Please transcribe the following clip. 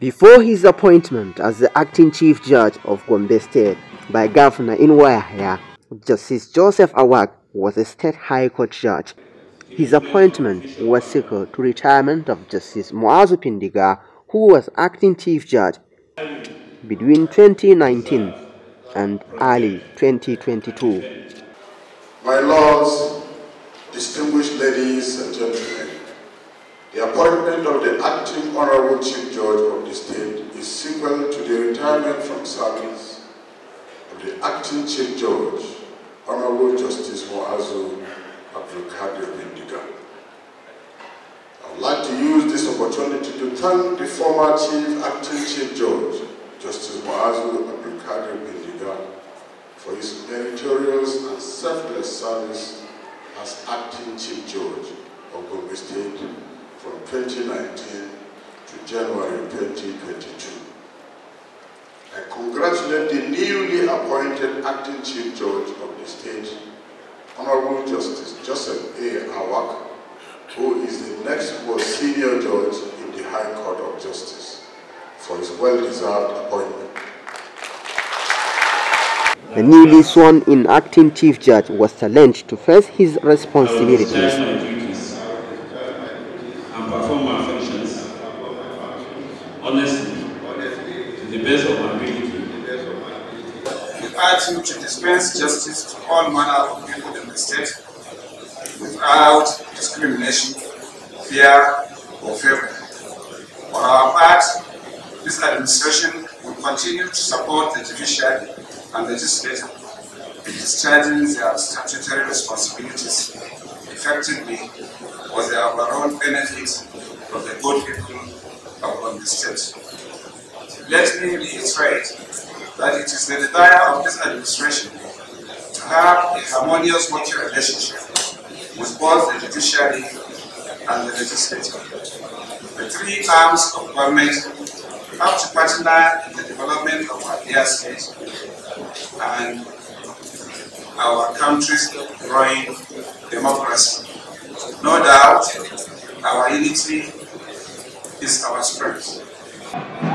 Before his appointment as the acting chief judge of Gombe State by Governor Inwaya, Justice Joseph Awak was a state high court judge. His appointment was sequel to retirement of Justice Muazu Pindiga, who was acting chief judge between 2019 and early 2022. My lords, distinguished ladies and gentlemen, the appointment of the acting Honorable Chief Judge of the state is sequel to the retirement from service of the acting Chief Judge, Honorable Justice Moazu Abdul Kadir Bendiga. I would like to use this opportunity to thank the former Chief Acting Chief Judge, Justice Moazu Abdul Kadir Bendiga, for his meritorious and selfless service as acting Chief Judge of Gombe State 2019 to January 2022. I congratulate the newly appointed acting chief judge of the state, Honorable Justice Joseph A. Awak, who is the next most senior judge in the High Court of Justice, for his well-deserved appointment. The newly sworn-in acting chief judge was challenged to face his responsibilities honestly, honestly to the best of my ability, we urge you to dispense justice to all manner of people in the state without discrimination, fear, or favor. On our part, this administration will continue to support the judiciary and legislature in discharging their statutory responsibilities effectively for the overall benefit of the good people understood. Let me reiterate that it is the desire of this administration to have a harmonious working relationship with both the judiciary and the legislature. The three arms of government have to partner in the development of our dear state and our country's growing democracy. No doubt, our unity is our strength.